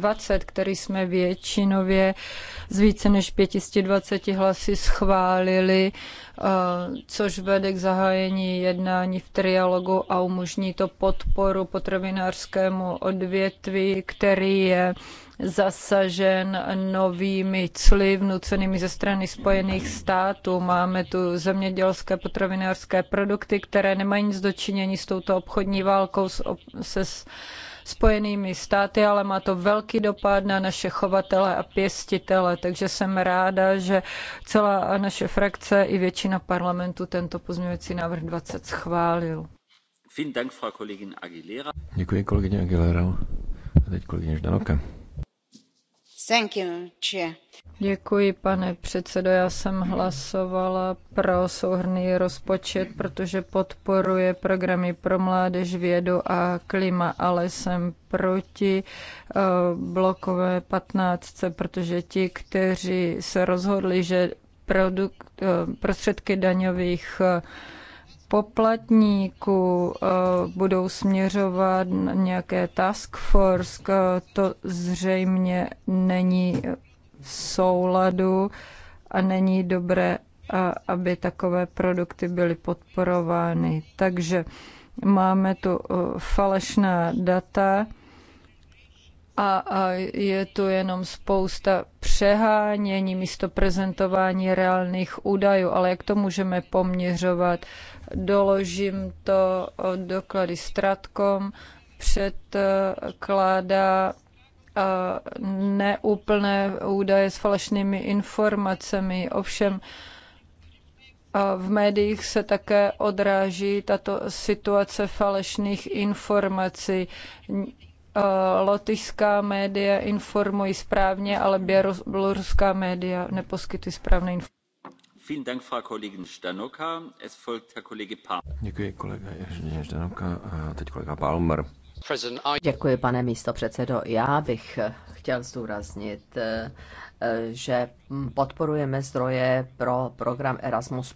20, který jsme většinově z více než 520 hlasy schválili, eh, což vede k zahájení jednání v trialogu a umožní to podporu potravinářskému odvětví, který je zasažen novými cly vnucenými ze strany Spojených států. Máme tu zemědělské potravinářské produkty, které nemají nic dočinění s touto obchodní válkou se Spojenými státy, ale má to velký dopad na naše chovatele a pěstitele, takže jsem ráda, že celá naše frakce i většina parlamentu tento pozměňovací návrh 20 schválil. Děkuji kolegyně Aguilera. A teď kolegyně Ždanoka. Děkuji, pane předsedo. Já jsem hlasovala pro souhrný rozpočet, protože podporuje programy pro mládež, vědu a klima, ale jsem proti eh, blokové patnáctce, protože ti, kteří se rozhodli, že produkt, eh, prostředky daňových eh, poplatníků eh, budou směřovat na nějaké task force, to zřejmě není v souladu a není dobré, aby takové produkty byly podporovány. Takže máme tu eh, falešná data, a, je tu jenom spousta přehánění místo prezentování reálných údajů, ale jak to můžeme poměřovat? Doložím to doklady Stratkom, předkládá neúplné údaje s falešnými informacemi. Ovšem, v médiích se také odráží tato situace falešných informací. Eh, lotyšská média informují správně, ale běloruská média neposkytují správné informace. Děkuji kolega Ždanoka a teď kolega Palmer. Děkuji, pane místo předsedo. Já bych chtěl zdůraznit eh, že podporujeme zdroje pro program Erasmus+.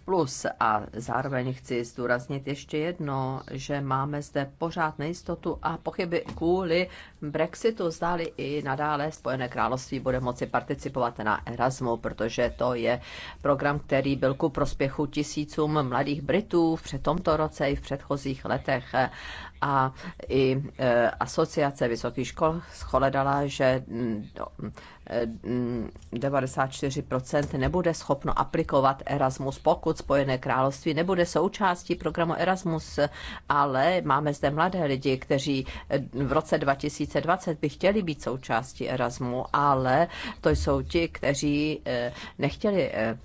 A zároveň chci zdůraznit ještě jedno, že máme zde pořád nejistotu a pochyby kvůli Brexitu. Zdáli i nadále Spojené království bude moci participovat na Erasmu, protože to je program, který byl ku prospěchu tisícům mladých Britů v tomto roce i v předchozích letech a i e, asociace vysokých škol shledala, že 94% nebude schopno aplikovat Erasmus, pokud Spojené království nebude součástí programu Erasmus, ale máme zde mladé lidi, kteří eh, v roce 2020 by chtěli být součástí Erasmu, ale to jsou ti, kteří eh, nechtěli eh,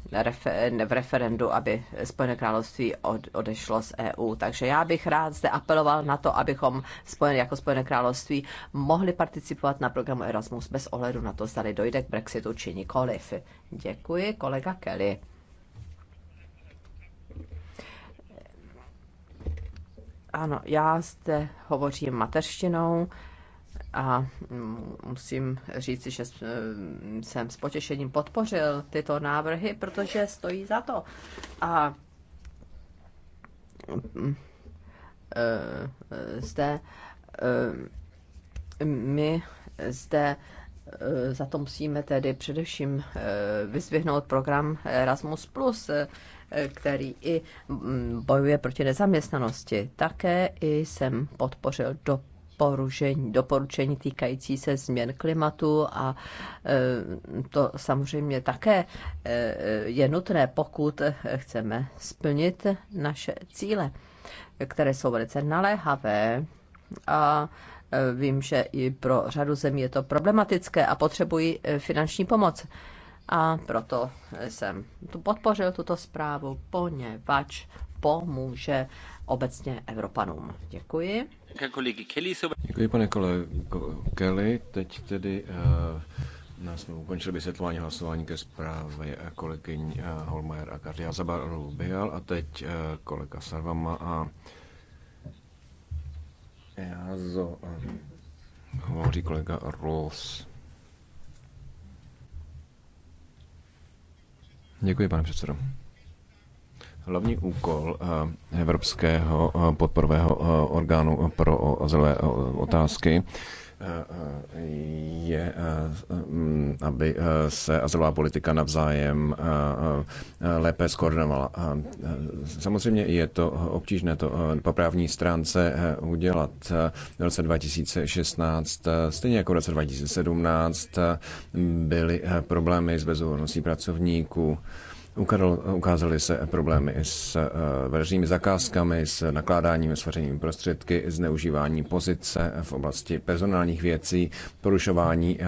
v referendu, aby Spojené království odešlo z EU. Takže já bych rád zde apeloval na to, abychom jako Spojené království mohli participovat na programu Erasmus bez ohledu na to, zda zdali dojde k Brexitu či nikoliv. Děkuji, kolega Kelly. Ano, já zde hovořím mateřštinou a musím říct, že jsem s potěšením podpořil tyto návrhy, protože stojí za to. A eh, eh, zde eh, my zde Eh, za to musíme tedy především eh, vyzvihnout program Erasmus+, eh, který i mm, bojuje proti nezaměstnanosti. Také i jsem podpořil do doporučení, týkající se změn klimatu a to samozřejmě také je nutné, pokud chceme splnit naše cíle, které jsou velice naléhavé a Eh, vím, že i pro řadu zemí je to problematické a potřebují eh, finanční pomoc. A proto eh, jsem tu podpořil tuto zprávu, poněvadž pomůže obecně Evropanům. Děkuji. Děkuji, pane kolego Kelly. Teď tedy uh, nás jsme ukončili vysvětlování hlasování ke zprávě kolegyň uh, Holmajer a Kardia Zabar Rubial a teď uh, kolega Sarvama a EASO. Hovoří kolega Ross. Děkuji, pane předsedo. Hlavní úkol eh, Evropského eh, podporového eh, orgánu pro zelené otázky je, eh, eh, aby eh, se azylová politika navzájem lépe skoordinovala. Samozřejmě je to obtížné to po právní stránce udělat v roce 2016, stejně jako v roce 2017 byly problémy s bezúhonností pracovníků ukázaly se problémy s eh, veřejnými zakázkami, s nakládáním s veřejnými prostředky, zneužívání pozice v oblasti personálních věcí, porušování eh,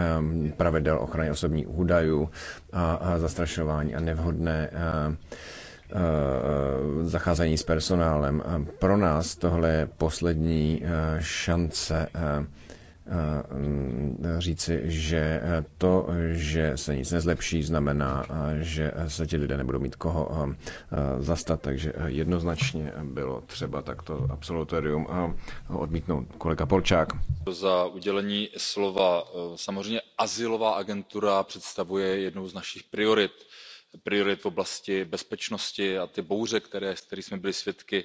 pravidel ochrany osobních údajů a zastrašování a nevhodné eh, zacházení s personálem. Pro nás tohle je poslední šance Eh, eh, říci, že eh, to, že se nic nezlepší, znamená, že se ti lidé nebudou mít koho zastat, takže jednoznačně bylo třeba takto absolutorium odmítnout. Kolega Polčák. Za udělení slova. Samozřejmě asilová agentura představuje jednu z našich priorit priorit v oblasti bezpečnosti a ty bouře které, které jsme byli svědky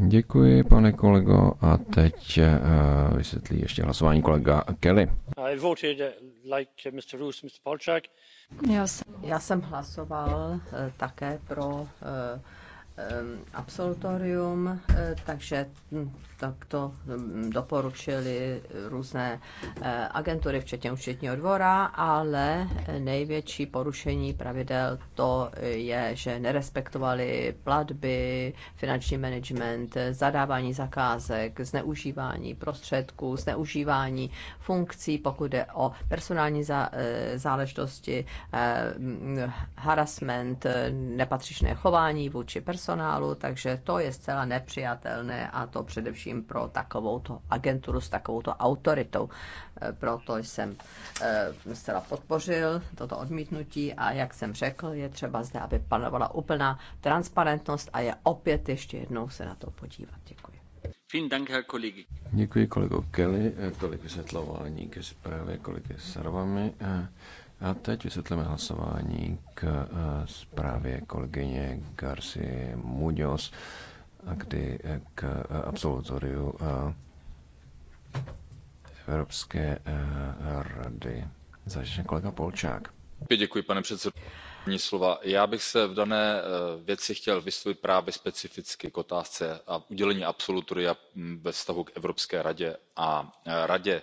Děkuji, pane kolego. A teď uh, vysvětlí ještě hlasování kolega Kelly. Uh, uh, já jsem, já jsem hlasoval eh, také pro uh, Ehm, absolutorium, eh, takže hm, tak to hm, doporučili různé eh, agentury, včetně účetního dvora, ale největší porušení pravidel to je, že nerespektovali platby, finanční management, zadávání zakázek, zneužívání prostředků, zneužívání funkcí, pokud jde o personální eh, záležitosti, hm, harassment, nepatřičné chování vůči personálu, personálu, takže to je zcela nepřijatelné a to především pro takovouto agenturu s takovouto autoritou. Eh, proto jsem eh, zcela podpořil toto odmítnutí a jak jsem řekl, je třeba zde, aby panovala úplná transparentnost a je opět ještě jednou se na to podívat. Děkuji. Děkuji kolego Kelly, eh, tolik vysvětlování ke zprávě kolegy Sarvami. A teď vysvětlíme hlasování k eh, zprávě kolegyně Garci Muñoz, kdy eh, k eh, absolutoriu Evropské rady. Začne kolega Polčák. Děkuji, pane slova. já bych se v dané věci chtěl vyslovit právě specificky k otázce udělení absolutoria hm, ve vztahu k evropské radě a radě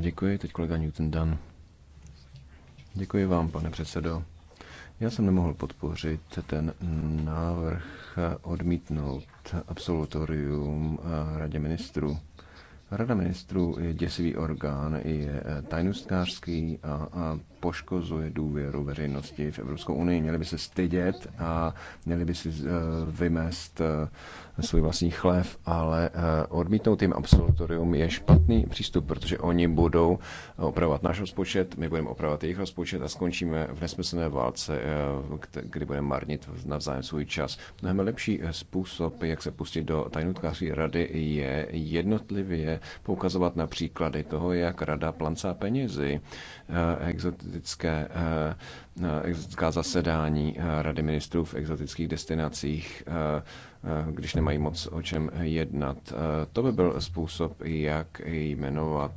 Děkuji, teď kolega vám, pane předsedo. Já jsem nemohl podpořit ten návrh odmítnout absolutorium eh, Radě ministrů. Rada ministrů je děsivý orgán, je eh, tajnostkářský a, a poškozuje důvěru veřejnosti v Evropskou unii. Měli by se stydět a měli by si eh, vymést eh, svůj vlastní chlév, ale odmítnout jim absolutorium je špatný přístup, protože oni budou opravovat náš rozpočet, my budeme opravovat jejich rozpočet a skončíme v nesmyslné válce, kdy budeme marnit navzájem svůj čas. Mnohem lepší způsob, jak se pustit do tajnutkářské rady, je jednotlivě poukazovat na příklady toho, jak rada plancá penězi, eh, exotické, eh, exotická zasedání eh, rady ministrů v exotických destinacích, když nemají moc o čem jednat. To by byl způsob, jak jmenovat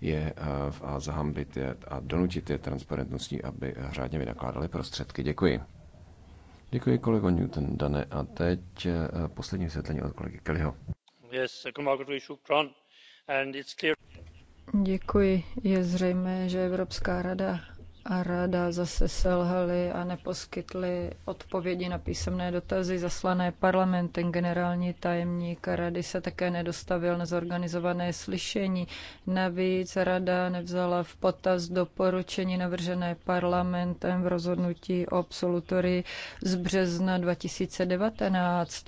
je a zahambit je a donutit je transparentností, aby řádně vynakládali prostředky. Děkuji. Děkuji kolego Newton Dane a teď poslední vysvětlení od kolegy Kellyho. Je zřejmé, že Evropská rada a rada zase selhaly a neposkytly odpovědi na písemné dotazy zaslané parlamentem. Generální tajemník rady se také nedostavil na zorganizované slyšení. Navíc rada nevzala v potaz doporučení navržené parlamentem v rozhodnutí o absolutorii z března 2019.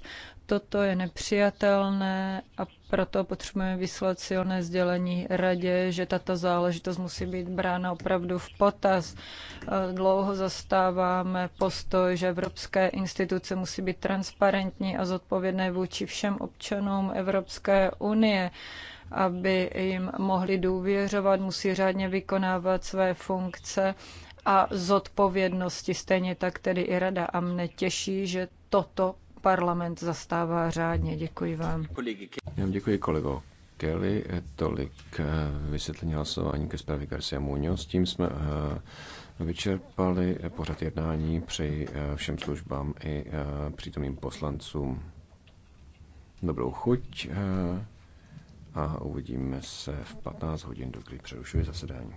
Toto je nepřijatelné a proto potřebujeme vyslat silné sdělení radě, že tato záležitost musí být brána opravdu v potaz. Eh, dlouho zastáváme postoj, že evropské instituce musí být transparentní a zodpovědné vůči všem občanům Evropské unie aby jim mohli důvěřovat, musí řádně vykonávat své funkce a zodpovědnosti, stejně tak tedy i rada. A mne těší, že toto parlament zastává řádně. Děkuji vám. Já vám děkuji, kolego. Kelly, tolik eh, vysvětlení hlasování ke zprávě Garcia S Tím jsme eh, vyčerpali pořad jednání. Přeji eh, všem službám i přítomným poslancům dobrou chuť a uvidíme se v 15 hodin, dokud přerušuje zasedání.